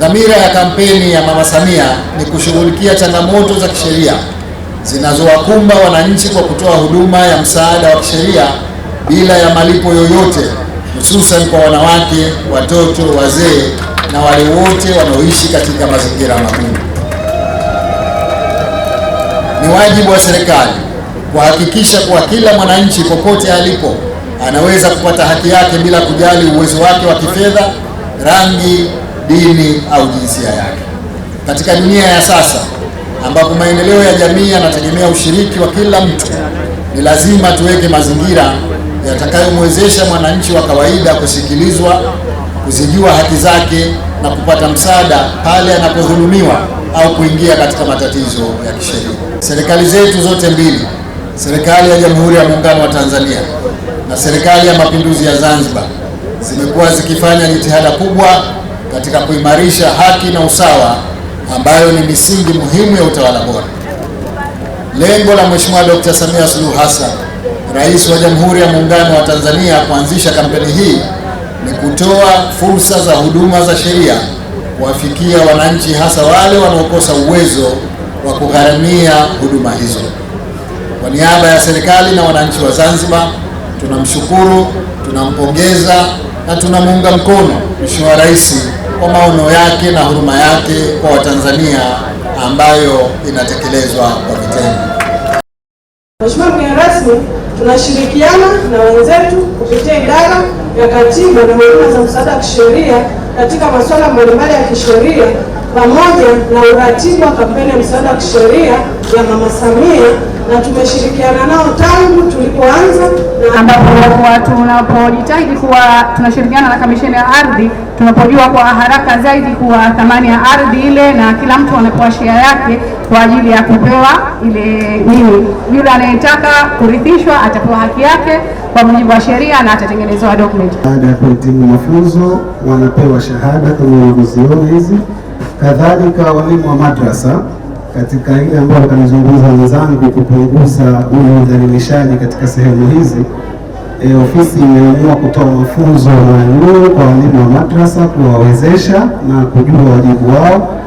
Dhamira ya kampeni ya Mama Samia ni kushughulikia changamoto za kisheria zinazowakumba wananchi kwa kutoa huduma ya msaada wa kisheria bila ya malipo yoyote, hususan kwa wanawake, watoto, wazee na wale wote wanaoishi katika mazingira magumu. Ni wajibu wa serikali kuhakikisha kuwa kila mwananchi popote alipo anaweza kupata haki yake bila kujali uwezo wake wa kifedha, rangi, dini au jinsia yake. Katika dunia ya sasa ambapo maendeleo ya jamii yanategemea ushiriki wa kila mtu, ni lazima tuweke mazingira yatakayomwezesha mwananchi wa kawaida kusikilizwa, kuzijua haki zake na kupata msaada pale anapodhulumiwa au kuingia katika matatizo ya kisheria. Serikali zetu zote mbili, serikali ya Jamhuri ya Muungano wa Tanzania na Serikali ya Mapinduzi ya Zanzibar zimekuwa zikifanya jitihada kubwa katika kuimarisha haki na usawa ambayo ni misingi muhimu ya utawala bora. Lengo la Mheshimiwa Dkt. Samia Suluhu Hassan, Rais wa Jamhuri ya Muungano wa Tanzania, kuanzisha kampeni hii ni kutoa fursa za huduma za sheria kuwafikia wananchi, hasa wale wanaokosa uwezo wa kugharamia huduma hizo. Kwa niaba ya serikali na wananchi wa Zanzibar tunamshukuru, tunampongeza na tunamuunga mkono Mheshimiwa Rais kwa maono yake na huruma yake kwa Watanzania ambayo inatekelezwa kwa vitendo. Mheshimiwa mgeni rasmi, tunashirikiana na wenzetu kupitia idara ya katiba na huduma za msaada wa kisheria katika masuala mbalimbali ya kisheria pamoja na uratibu wa kampeni ya msaada wa kisheria ya Mama Samia na tumeshirikiana nao tangu tulipoanza, ambapo tunapojitahidi kuwa tunashirikiana na kamisheni ya ardhi, tunapojua kwa haraka zaidi kuwa thamani ya ardhi ile na kila mtu anapewa shia yake kwa ajili ya kupewa ile nini, yule anayetaka kurithishwa atapewa haki yake kwa mujibu wa sheria na atatengenezewa document. Baada ya kuhitimu mafunzo, wanapewa shahada kwenye nguzioni hizi, kadhalika walimu wa madrasa katika ile ambayo wakanizungumza wenzangu kupunguza ule udhalilishaji katika sehemu hizi e, ofisi imeamua kutoa mafunzo maalum kwa walimu wa madrasa kuwawezesha na kujua wajibu wao